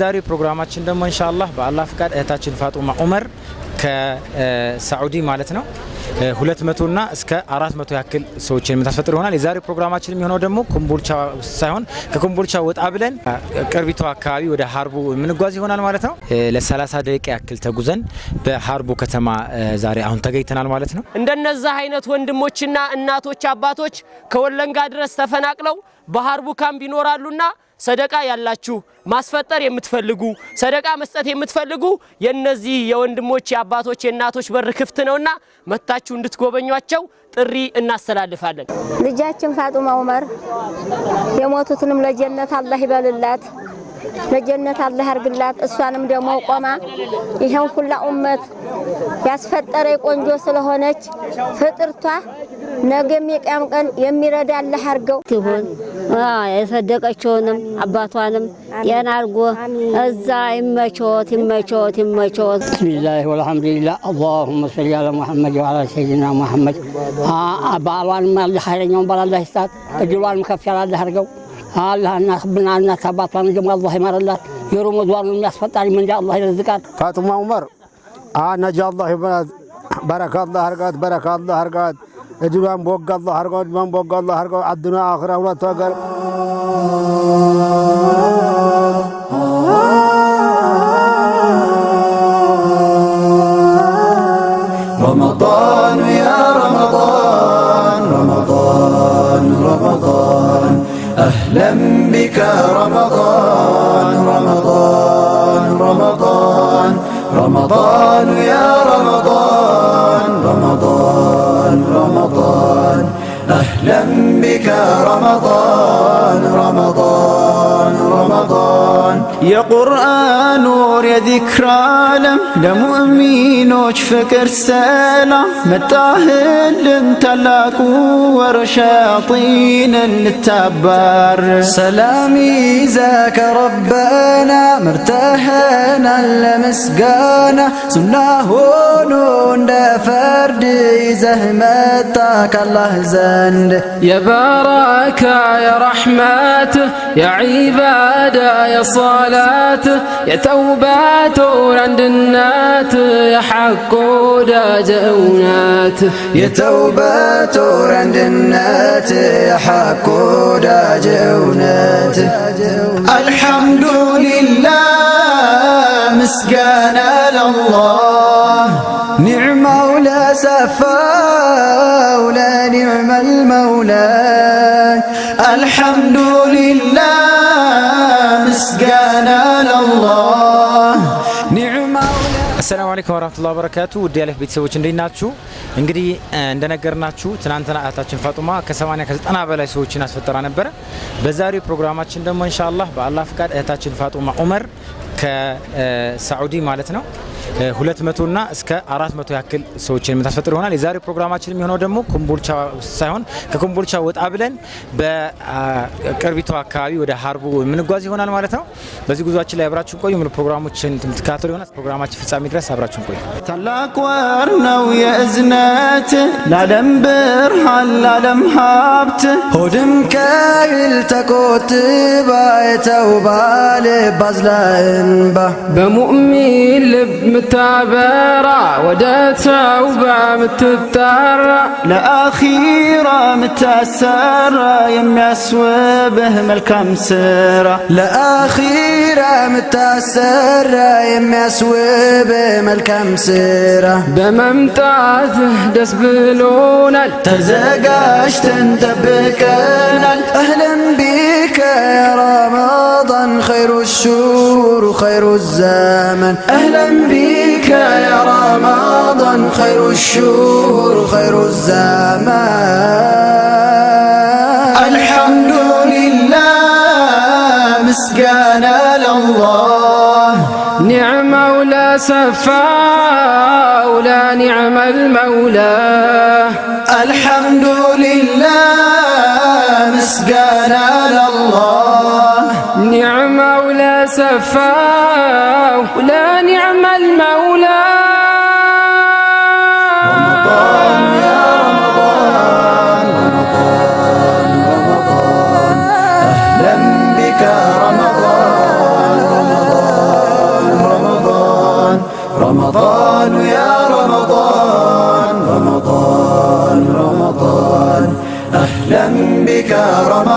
በዛሬው ፕሮግራማችን ደግሞ እንሻላ በአላህ ፍቃድ እህታችን ፋጡማ ዑመር ከሳዑዲ ማለት ነው ሁለት መቶና እስከ አራት መቶ ያክል ሰዎችን የምታስፈጥር ይሆናል። የዛሬው ፕሮግራማችን የሚሆነው ደግሞ ኮምቦልቻ ውስጥ ሳይሆን ከኮምቦልቻ ወጣ ብለን ቅርቢቱ አካባቢ ወደ ሀርቡ የምንጓዝ ይሆናል ማለት ነው። ለ30 ደቂቃ ያክል ተጉዘን በሀርቡ ከተማ ዛሬ አሁን ተገኝተናል ማለት ነው። እንደነዛ አይነት ወንድሞችና እናቶች አባቶች ከወለንጋ ድረስ ተፈናቅለው በሀርቡ ካምፕ ይኖራሉና ሰደቃ ያላችሁ ማስፈጠር የምትፈልጉ ሰደቃ መስጠት የምትፈልጉ የእነዚህ የወንድሞች የአባቶች የእናቶች በር ክፍት ነውና መታችሁ እንድትጎበኟቸው ጥሪ እናስተላልፋለን። ልጃችን ፋጡማ ኡመር የሞቱትንም ለጀነት አላህ ይበልላት። ለጀነት አላህ ያርግላት። እሷንም ደግሞ ቆማ ይሄው ሁላ ኡመት ያስፈጠረ ቆንጆ ስለሆነች ፍጥርቷ ነገ የሚቀያም ቀን የሚረዳ አላህ ያርገው ይሁን። የሰደቀችውንም አባቷንም አርጎ እዛ ይመቾት ይመቾት ይመቾት። ቢስሚላህ ወልሐምዱሊላህ አላሁመ ሰሊ አላ ሙሐመድ ወአላ ሰይድና ሙሐመድ። ባሏንም አላህ ኃይለኛውን ባላላህ ይስጣት፣ እድሏንም ከፍ ያላላህ አርገው الله نخبنا عنا كبطن جم الله يمر الله يروم دوار الناس فطار من جاء الله يرزقك فاطمة عمر آه نجا الله بركة الله هرقات بركة الله هرقات اجوان بوق الله هرقات من بوق الله هرقات عدنا آخر أولا تاقر رمضان اهلا بك رمضان رمضان رمضان رمضان يا رمضان رمضان رمضان أهلا بك رمضان رمضان يا قرآن نور يا ذكر عالم لمؤمن فكر سالا متاهل انت لك شياطين التبار سلامي ذاك ربنا مرتاحنا لمسقانا سنة نون فرد زهمتك الله زند يا بركة يا رحمته يا عبادة يا صالح صلاة يا توبات النات يا حق جونات يا توبات النات يا حق جونات الحمد لله مسكان لله نعم ولا سفا ولا نعم المولى الحمد لله መስገናን አላህ ኒዕማ። አሰላሙ አለይኩም ወራህመቱላሂ ወበረካቱ። ውድ ያለፍ ቤተሰቦች እንዴት ናችሁ? እንግዲህ እንደነገርናችሁ ትናንትና እህታችን ፋጡማ ከ80 በላይ ሰዎችን አስፈጠራ ነበረ። በዛሬው ፕሮግራማችን ደግሞ ኢንሻአላህ በአላህ ፍቃድ እህታችን ፋጡማ ዑመር ከሳዑዲ ማለት ነው ሁለት መቶና እስከ አራት መቶ ያክል ሰዎችን የምታስፈጥር ይሆናል። የዛሬው ፕሮግራማችን የሚሆነው ደግሞ ኮምቦልቻ ሳይሆን ከኩምቦልቻ ወጣ ብለን በቅርቢቷ አካባቢ ወደ ሀርቡ የምንጓዝ ይሆናል ማለት ነው። በዚህ ጉዟችን ላይ አብራችሁን ቆዩ። ሙሉ ፕሮግራሞችን የምትከታተሉ ይሆናል። ፕሮግራማችን ፍጻሜ ድረስ አብራችሁን ቆዩ። ታላቅ ወር ነው የእዝነት ለዓለም ብርሃን ለዓለም ሀብት ሆድም ከይል ተቆጥባ የተውባል ባዝላ እንባ በሙእሚን ልብ متعبرة ودات عوبة متتارة لأخيرة متأسرة يم يسوبه ملكة مسرة لأخيرة متأسرة يم يسوبه ملكة مسرة بممتعث دس بلونال تزاقاش تندبكنال أهلا بيك يا رمال خير الشهور خير الزمن أهلا بك يا رمضان خير الشهور خير الزمان الحمد لله مسجانا لله نعم مولى سفا ولا نعم المولى الحمد لله مسجانا لله شفاه ولا نعم المولى رمضان يا رمضان رمضان رمضان أهلا بك رمضان رمضان رمضان يا رمضان رمضان رمضان أهلا بك رمضان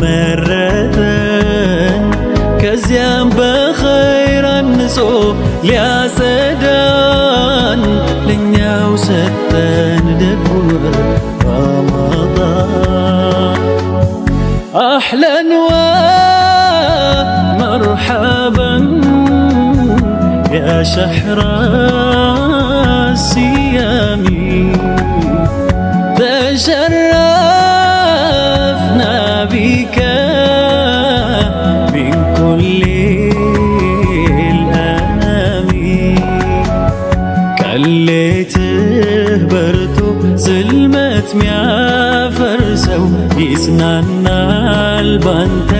መረረን ከዚያም በኸይር አንጾ ሊያጸዳን ለእኛው ሰጠን ደጉ ረመዳን አህለን ወ مرحبا يا شهر الصيام تجرى በዝልመት ሚያፈርሰው ይጽናናል ባንተ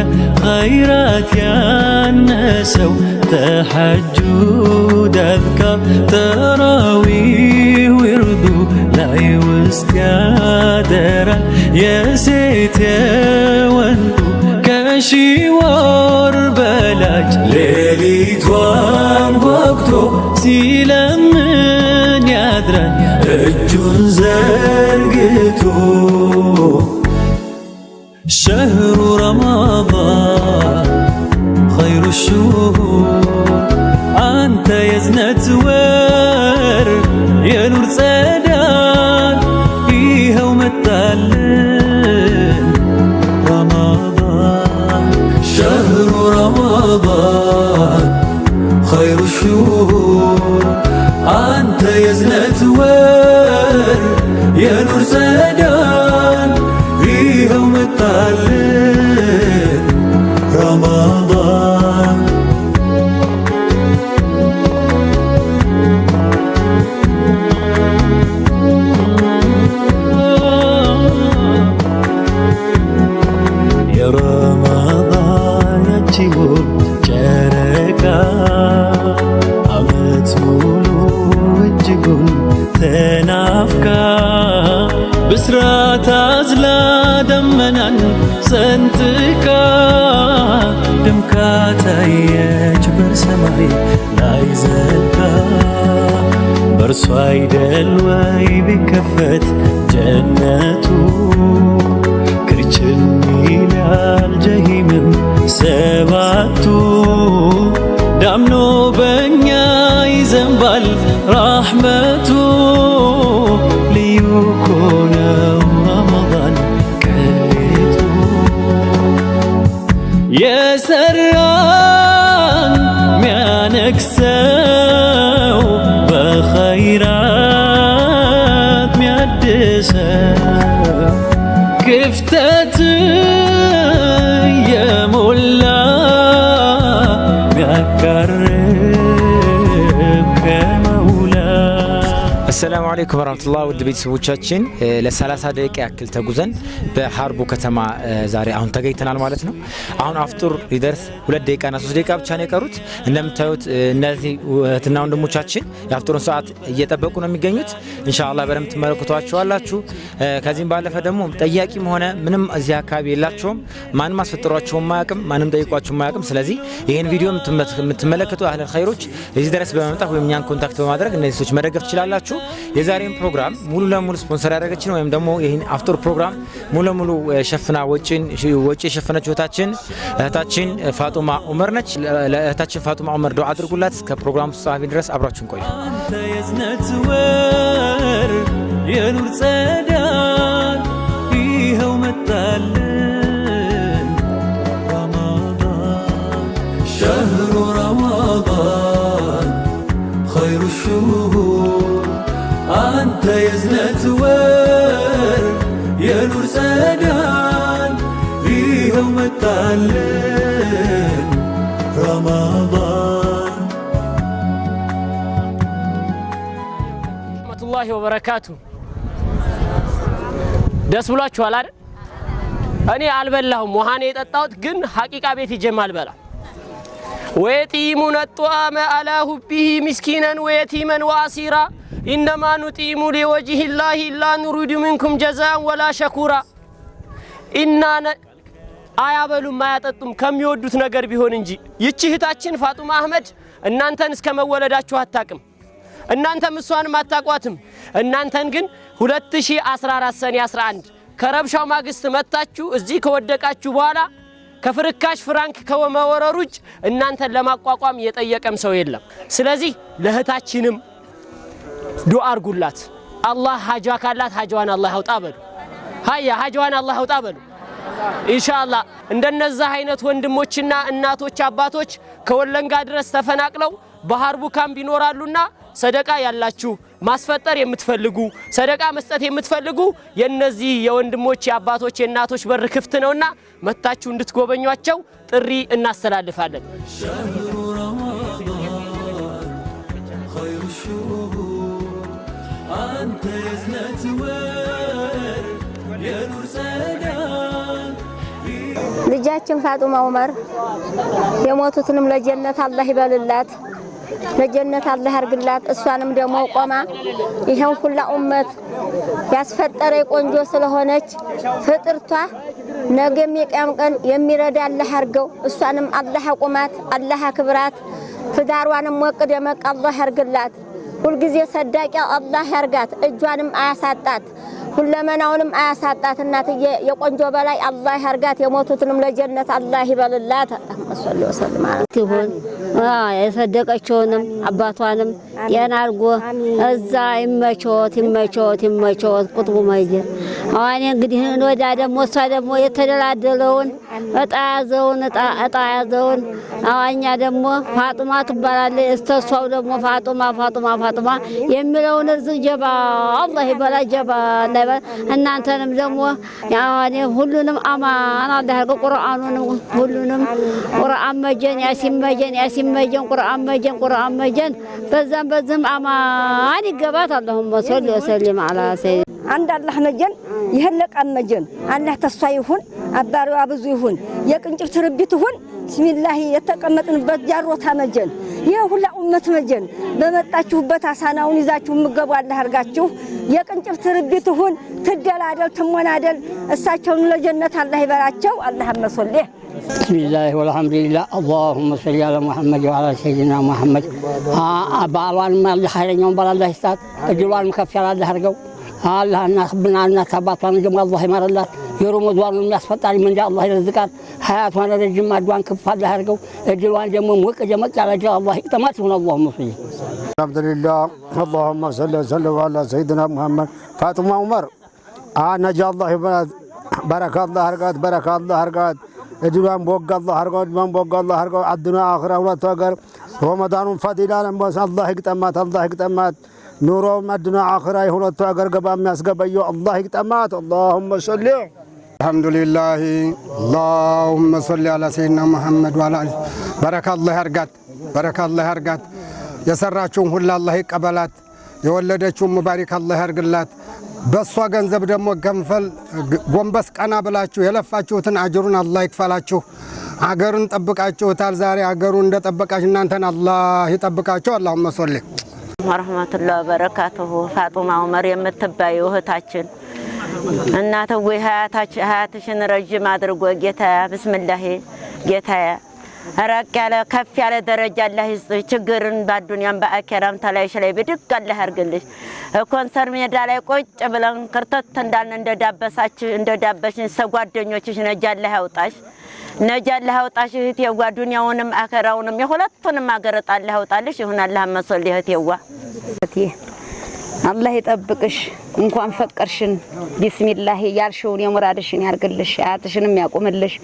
ኸይራት ያነሰው ተሐጁድ አዝካር ተራዊህ ዊርዱ ላይ ውስጥ ያደራል የሴት የወንዱ ከሺ ወር በላጭ ሌሊቷን ወቅቶ ሲለ زرقتو شهر رمضان خير الشهور انت يا زنت ور يا نور سادات فيها ومتالك በማማያችው ጨረቃ አመት ሙሉ እጅጉን ተናፍቃ ብስራት አዝላ ደመናን ሰንጥቃ ድምቃ ታየች በሰማይ ላይ ዘልቃ በእርሷ አይደል ወይ ቢከፈት ጀነቱ كونا رمضان خليته يا سران ما نكساو بخيرات ميعدسا كفتاتي يا مولا ميعكرب كمولا السلام አለይኩም ወራህመቱላህ ውድ ቤተሰቦቻችን ለ30 ደቂቃ ያክል ተጉዘን በሀርቡ ከተማ ዛሬ አሁን ተገኝተናል ማለት ነው። አሁን አፍጡር ሊደርስ ሁለት ና ሶስት ደቂቃ ብቻ ነው የቀሩት። እንደምታዩት እነዚህ እህትና ወንድሞቻችን የአፍጡርን ሰዓት እየጠበቁ ነው የሚገኙት። እንሻላ በደንብ ትመለከቷቸዋላችሁ። ከዚህም ባለፈ ደግሞ ጠያቂም ሆነ ምንም እዚህ አካባቢ የላቸውም። ማንም አስፈጥሯቸውም አያውቅም። ማንም ጠይቋቸውም አያውቅም። ስለዚህ ይህን ቪዲዮ የምትመለከቱ አህለል ኸይሮች እዚህ ድረስ በመምጣት ወይም እኛን ኮንታክት በማድረግ እነዚህ ሰዎች መደገፍ ትችላላችሁ። የዛሬን ፕሮግራም ሙሉ ለሙሉ ስፖንሰር ያደረገችን ወይም ደግሞ ይህን አፍተር ፕሮግራም ሙሉ ለሙሉ ሸፍና ወጪ የሸፈነች እህታችን እህታችን ፋጡማ ኡመር ነች። ለእህታችን ፋጡማ ኡመር ዶ አድርጉላት። ከፕሮግራም ፕሮግራሙ ድረስ አብራችሁን ቆዩ። የዝነት ወር የኑር ጸዳል ይኸው መጣለ የእዝነት ወር የኑር ጸዳል ይኸው መጣልን ረመዳን ረህመቱላሂ ወበረካቱ። ደስ ብሏችኋል አይደል? እኔ አልበላሁም፣ ውሃን የጠጣሁት ግን ሀቂቃ ቤት ይጀም አልበላ ወየጢሙነ ጧመ አላ ሁቢሂ ምስኪነን ወየቲመን ወአሲራ ኢነማ ኑጢሙ ሊወጅህ ላሂ ላ ኑሪዱ ሚንኩም ጀዛን ወላ ሸኩራ። ኢና አያበሉም አያጠጡም ከሚወዱት ነገር ቢሆን እንጂ። ይቺ እህታችን ፋጡማ አህመድ እናንተን እስከ መወለዳችሁ አታቅም፣ እናንተም እሷንም አታቋትም። እናንተን ግን 2014 ሰኔ 11 ከረብሻው ማግስት መጥታችሁ እዚህ ከወደቃችሁ በኋላ ከፍርካሽ ፍራንክ ከመወረር ውጭ እናንተን ለማቋቋም የጠየቀም ሰው የለም። ስለዚህ ለእህታችንም ዱዓ አርጉላት። አላህ ሀጃ ካላት ሀጃዋን አላህ ያውጣ በሉ። ሀያ ሀጃዋን አላህ ያውጣ በሉ። ኢንሻአላህ እንደነዛ አይነት ወንድሞችና እናቶች አባቶች ከወለንጋ ድረስ ተፈናቅለው በሀርቡ ካምፕ ይኖራሉና ሰደቃ ያላችሁ ማስፈጠር የምትፈልጉ ሰደቃ መስጠት የምትፈልጉ የነዚህ የወንድሞች የአባቶች የእናቶች በር ክፍት ነውና መታችሁ እንድትጎበኟቸው ጥሪ እናስተላልፋለን። ልጃችን ፋጡማ ዑመር የሞቱትንም ለጀነት አላህ ይበልላት፣ ለጀነት አላህ ያርግላት። እሷንም ደግሞ ቆማ ይሄው ሁላ ኡመት ያስፈጠረ ቆንጆ ስለሆነች ፍጥርቷ ነገ የሚቀያም ቀን የሚረዳ አላህ ያርገው። እሷንም አላህ አቁማት፣ አላህ አክብራት። ትዳሯንም ወቅ ደመቅ አላህ ያርግላት። ሁልጊዜ ሰዳቂ አላህ ያርጋት። እጇንም አያሳጣት። ሁለመናውንም አያሳጣት። እናትዬ የቆንጆ በላይ አላህ ያርጋት። የሞቱትንም ለጀነት አላህ ይበልላት። ሰለ ወሰለም ይሁን የሰደቀችውንም አባቷንም የናርጎ እዛ ይመቾት ይመቾት ይመቾት። ቁጥቡ መጀ አዋኔ እንግዲህ ወዳ ደግሞ እሷ ደግሞ የተደላደለውን እጣ ያዘውን እጣ ያዘውን አዋኛ ደግሞ ፋጡማ ትባላለች። እስተሷው ደግሞ ፋጡማ ፋጡማ ፋጡማ የሚለውን እዚህ ጀባ አላህ ይበላ ጀባ አባት እናንተንም ደግሞ ሁሉንም አማን አላህ ያርገው። ቁርአኑንም ሁሉንም ቁርአን መጀን ያሲን መጀን ያሲን መጀን ቁርአን መጀን ቁርአን መጀን በዛም በዚህም አማን ይገባት። አላሁመ ሰሊ ወሰሊም አላ ሰይድ አንድ አላህ መጀን ይህን ለቃን መጀን አላህ ተስፋ ይሁን አባሪዋ ብዙ ይሁን የቅንጭር ትርቢት ይሁን ብስሚላሂ የተቀመጥንበት ጃሮታ መጀን ይህ ሁላ ኡመት መጀን በመጣችሁበት አሳናውን ይዛችሁ ምገቡ አላህ አርጋችሁ የቅንጭብ ትርቢት ሁን ትደላደል ትሞናደል እሳቸውን ለጀነት አላህ ይበላቸው። አላህ መሶልህ ብስሚላህ ወልሐምዱሊላህ አላሁመ ሰሊ አላ ሙሐመድ ወአላ ሰይድና ሙሐመድ። ባሏንም አላህ ኃይለኛውን ባል አላህ ይስጣት፣ እድሏንም ከፍ ያለ አላህ አርገው። አላህ እናት ብና እናት አባቷን ደግሞ አላህ ይማርላት። يرمز وارن الناس فتار من جاء الله الزكاة حياة وانا رجل ما دوان كف هذا هرقو رجل وان جمع موك جمع على جاء الله تماسون اللهم فيه الحمد لله اللهم صل وسلم على سيدنا محمد فاطمة عمر آه نجا الله بركة الله هرقات بركة الله هرقات ادوان بوك الله هرقات من بوك الله هرقات الدنيا آخرة ولا تقر رمضان فضيلة بس الله اكتمات الله اكتمات نور ما دنا اخره هو تو اگر گبا میں اس گبا یو اللہ اللهم صل አልሐምዱሊላህ አላሁመ ሰሊ አላ ሰይድና መሐመድ ዋላ በረካ አላህ ያርጋት፣ በረካ አላህ ያርጋት። የሰራችውን ሁላ አላህ ይቀበላት። የወለደችውን ሙባሪክ አላህ ያርግላት። በእሷ ገንዘብ ደግሞ ገንፈል ጎንበስ ቀና ብላችሁ የለፋችሁትን አጅሩን አላህ ይክፈላችሁ። አገሩን ጠብቃችሁታል። ዛሬ አገሩ እንደጠበቃችሁ እናንተን አላህ ይጠብቃችሁ። አላሁመ ሰሊ ወረህመቱላህ በረካቱሁ ፋጡማ ዑመር የምትባይ እህታችን እናተ እናተዌ ሀያትሽን ረዥም አድርጎ ጌታ ብስምላሄ ጌታ ራቅ ያለ ከፍ ያለ ደረጃ አላህ ይስጥሽ። ችግርን ባዱንያም በአኬራም ተላይሽ ላይ ብድግ አላህ ያርግልሽ። ኮንሰር ሜዳ ላይ ቆጭ ብለን ክርተት እንዳልን እንደዳበሳች እንደዳበሽን ሰጓደኞችሽ ነጃ አላህ ያውጣሽ፣ ነጃ አላህ ያውጣሽ እህት የዋ ዱንያውንም አኬራውንም የሁለቱንም አገረጣ አላህ ያውጣልሽ። ይሁን አላህ መሶል እህት የዋ አላህ ይጠብቅሽ። እንኳን ፈቀርሽን ቢስሚላህ ያልሽውን የሙራድሽን ያርግልሽ። አያትሽንም ያቁምልሽ።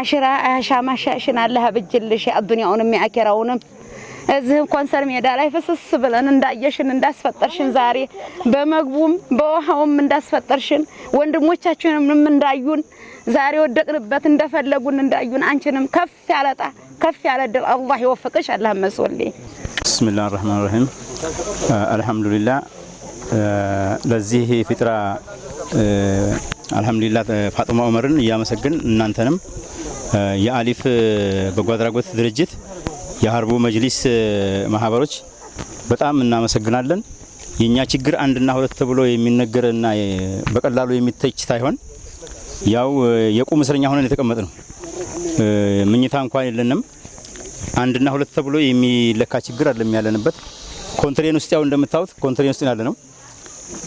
አሽራ አሻማሻሽን አላህ ያብጅልሽ። አዱንያውንም የአኬራውንም እዚህም ኮንሰር ሜዳ ላይ ፍስስ ብለን እንዳየሽን እንዳስፈጠርሽን ዛሬ በመግቡም በውሃውም እንዳስፈጠርሽን ወንድሞቻችንም እንዳዩን ዛሬ ወደቅንበት እንደፈለጉን እንዳዩን አንቺንም ከፍ ያለጣ ከፍ ያለ ድል አላህ ይወፍቅሽ። አላህ መስወልኝ። ብስሚላህ አርህማን አርሂም አልሐምዱሊላህ ለዚህ ፊጥራ አልሐምዱሊላ ፋጡማ ኡመርን እያመሰግን እናንተንም የአሊፍ በጎ አድራጎት ድርጅት የሀርቡ መጅሊስ ማህበሮች በጣም እናመሰግናለን። የእኛ ችግር አንድና ሁለት ተብሎ የሚነገርና በቀላሉ የሚተች ሳይሆን ያው የቁም እስረኛ ሆነን የተቀመጥ ነው። ምኝታ እንኳን የለንም። አንድና ሁለት ተብሎ የሚለካ ችግር አይደለም ያለንበት። ኮንትሬን ውስጥ ያው እንደምታዩት ኮንትሬን ውስጥ ያለ ነው።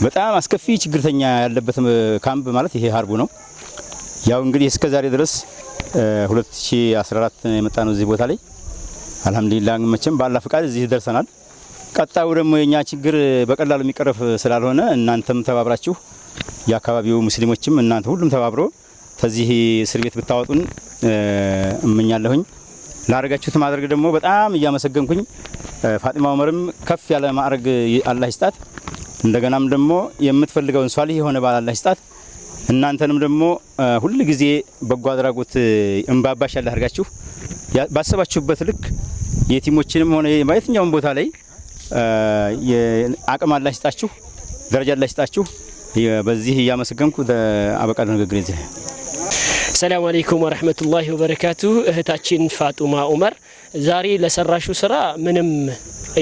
በጣም አስከፊ ችግርተኛ ያለበት ካምፕ ማለት ይሄ ሀርቡ ነው። ያው እንግዲህ እስከ ዛሬ ድረስ 2014 የመጣ ነው እዚህ ቦታ ላይ አልሐምዱሊላህ መቼም ባላ ፍቃድ እዚህ ደርሰናል። ቀጣዩ ደግሞ የኛ ችግር በቀላሉ የሚቀረፍ ስላልሆነ እናንተም ተባብራችሁ የአካባቢው ሙስሊሞችም እናንተ ሁሉም ተባብሮ ከዚህ እስር ቤት ብታወጡን እመኛለሁኝ። ላደረጋችሁት ማድረግ ደግሞ በጣም እያመሰገንኩኝ ፋጢማ ኡመርም ከፍ ያለ ማዕረግ አላህ ይስጣት። እንደገናም ደግሞ የምትፈልገውን ሷሊህ የሆነ ባል አላህ ይስጣት። እናንተንም ደግሞ ሁል ጊዜ በጎ አድራጎት እንባባሽ ያለ አድርጋችሁ ባሰባችሁበት ልክ የቲሞችንም ሆነ በየትኛውም ቦታ ላይ አቅም አላህ ይስጣችሁ፣ ደረጃ አላህ ይስጣችሁ። በዚህ እያመሰገንኩ አበቃለሁ ንግግር ዚህ ሰላሙ አለይኩም ወረህመቱላሂ ወበረካቱ። እህታችን ፋጡማ ኡመር ዛሬ ለሰራሹ ስራ ምንም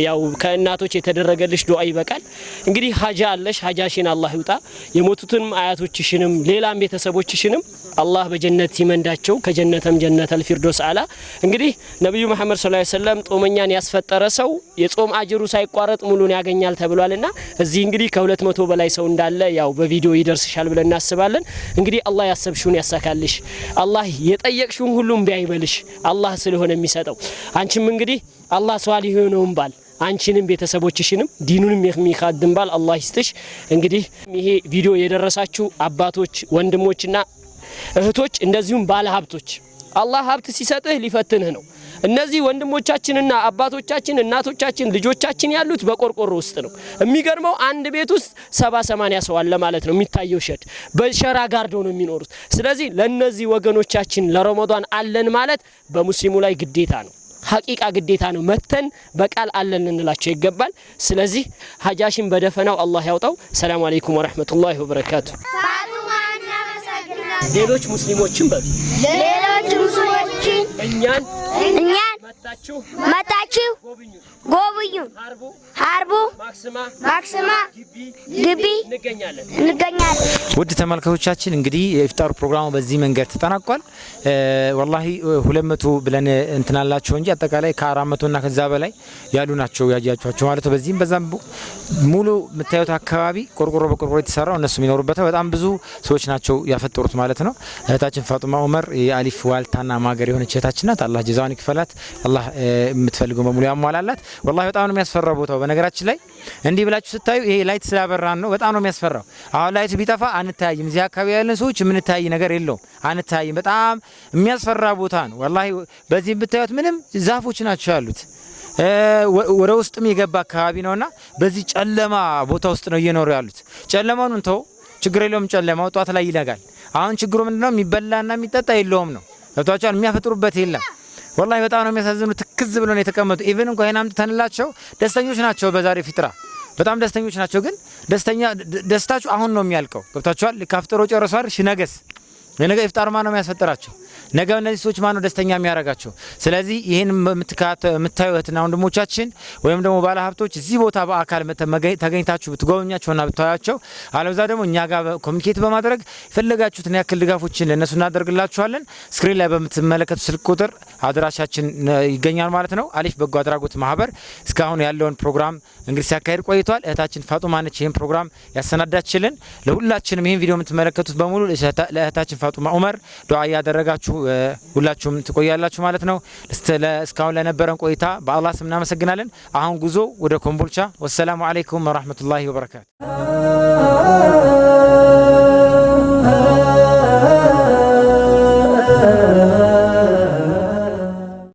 ያው ከእናቶች የተደረገልሽ ዱዓ ይበቃል። እንግዲህ ሀጃ አለሽ፣ ሀጃሽን አላህ ይውጣ። የሞቱትንም አያቶችሽንም ሌላም ቤተሰቦችሽንም አላህ በጀነት ሲመንዳቸው ከጀነተም ጀነተል ፊርዶስ አላ። እንግዲህ ነቢዩ መሐመድ ሰለላሁ ዐለይሂ ወሰለም ጾመኛን ያስፈጠረ ሰው የጾም አጅሩ ሳይቋረጥ ሙሉን ያገኛል ተብሏልና እዚህ እንግዲህ ከሁለት መቶ በላይ ሰው እንዳለ ያው በቪዲዮ ይደርስሻል ብለን እናስባለን። እንግዲህ አላህ ያሰብሽውን ያሳካልሽ፣ አላህ የጠየቅሽውን ሁሉም ቢያይበልሽ አላህ ስለሆነ የሚሰጠው አንቺም እንግዲህ አላህ ሷሊህ የሆነውን ባል አንቺንም ቤተሰቦችሽንም ዲኑንም የሚካድም ባል አላህ ይስጥሽ። እንግዲህ ይሄ ቪዲዮ የደረሳችሁ አባቶች፣ ወንድሞችና እህቶች እንደዚሁም ባለ ሀብቶች አላህ ሀብት ሲሰጥህ ሊፈትንህ ነው። እነዚህ ወንድሞቻችንና አባቶቻችን እናቶቻችን ልጆቻችን ያሉት በቆርቆሮ ውስጥ ነው። የሚገርመው አንድ ቤት ውስጥ ሰባ ሰማንያ ሰው አለ ማለት ነው። የሚታየው ሸድ በሸራ ጋርዶ ነው የሚኖሩት። ስለዚህ ለእነዚህ ወገኖቻችን ለረመዷን አለን ማለት በሙስሊሙ ላይ ግዴታ ነው። ሀቂቃ ግዴታ ነው። መተን በቃል አለን እንላቸው ይገባል። ስለዚህ ሀጃሽን በደፈናው አላህ ያውጣው። ሰላም አለይኩም ወረህመቱላሂ ወበረካቱ። ሌሎች ሙስሊሞችም በሉ እኛን እኛን መጣችሁ ጎብኙ። ሀርቡ ማክስማ ግቢ እንገኛለን ውድ ተመልካቾቻችን እንግዲህ የኢፍጣሩ ፕሮግራሙ በዚህ መንገድ ተጠናቋል። ወላሂ ሁለት መቶ ብለን እንትናላቸው እንጂ አጠቃላይ ከአራት መቶ እና ከዛ በላይ ያሉ ናቸው ያያችኋቸው ማለት ነው። በዚህም በዛም ሙሉ የምታዩት አካባቢ ቆርቆሮ በቆርቆሮ የተሰራው እነሱ የሚኖሩበት በጣም ብዙ ሰዎች ናቸው ያፈጠሩት ማለት ነው። እህታችን ፋጡማ ኡመር የአሊፍ ዋልታና ማገር የሆነች እህታችን እህታችን ናት። አላህ ጀዛዋን ይክፈላት። አላህ የምትፈልገው በሙሉ ያሟላላት። ወላሂ በጣም ነው የሚያስፈራው ቦታው። በነገራችን ላይ እንዲህ ብላችሁ ስታዩ ይሄ ላይት ስላበራን ነው። በጣም ነው የሚያስፈራው። አሁን ላይት ቢጠፋ አንታይም። እዚህ አካባቢ ያለን ሰዎች የምንታይ ነገር የለውም፣ አንታይም። በጣም የሚያስፈራ ቦታ ነው ወላሂ። በዚህ ብታዩት ምንም ዛፎች ናቸው ያሉት ወደ ውስጥም የገባ አካባቢ ነውና በዚህ ጨለማ ቦታ ውስጥ ነው እየኖሩ ያሉት። ጨለማውን እንተው ችግር የለውም። ጨለማው ጧት ላይ ይነጋል። አሁን ችግሩ ምንድነው? የሚበላና የሚጠጣ የለውም ነው ገብቷቸዋል። የሚያፈጥሩበት የለም። ወላሂ በጣም ነው የሚያሳዝኑ። ትክዝ ብሎ ነው የተቀመጡ። ኢቨን እንኳ ይህን አምጥተንላቸው ደስተኞች ናቸው። በዛሬ ፊጥራ በጣም ደስተኞች ናቸው። ግን ደስተኛ ደስታችሁ አሁን ነው የሚያልቀው። ገብቷቸዋል። ካፍጥሮ ጨረሷል። ሽነገስ የነገ ኢፍጣርማ ነው የሚያስፈጥራቸው ነገ እነዚህ ሰዎች ማነው ደስተኛ የሚያደርጋቸው? ስለዚህ ይህን የምታዩ እህትና ወንድሞቻችን ወይም ደግሞ ባለሀብቶች እዚህ ቦታ በአካል ተገኝታችሁ ብትጎበኛቸውና ብታያቸው፣ አለበዛ ደግሞ እኛ ጋር ኮሚኒኬት በማድረግ የፈለጋችሁትን ያክል ድጋፎችን ለእነሱ እናደርግላችኋለን። ስክሪን ላይ በምትመለከቱ ስልክ ቁጥር አድራሻችን ይገኛል ማለት ነው። አሊፍ በጎ አድራጎት ማህበር እስካሁን ያለውን ፕሮግራም እንግዲህ ሲያካሄድ ቆይቷል። እህታችን ፋጡማ ነች ይህን ፕሮግራም ያሰናዳችልን። ለሁላችንም ይህን ቪዲዮ የምትመለከቱት በሙሉ ለእህታችን ፋጡማ ኡመር ዱዓ እያደረጋችሁ ሁላችሁም ትቆያላችሁ ማለት ነው። እስካሁን ለነበረን ቆይታ በአላህ ስም እናመሰግናለን። አሁን ጉዞ ወደ ኮምቦልቻ። ወሰላሙ አለይኩም ወረህመቱላሂ ወበረካቱ።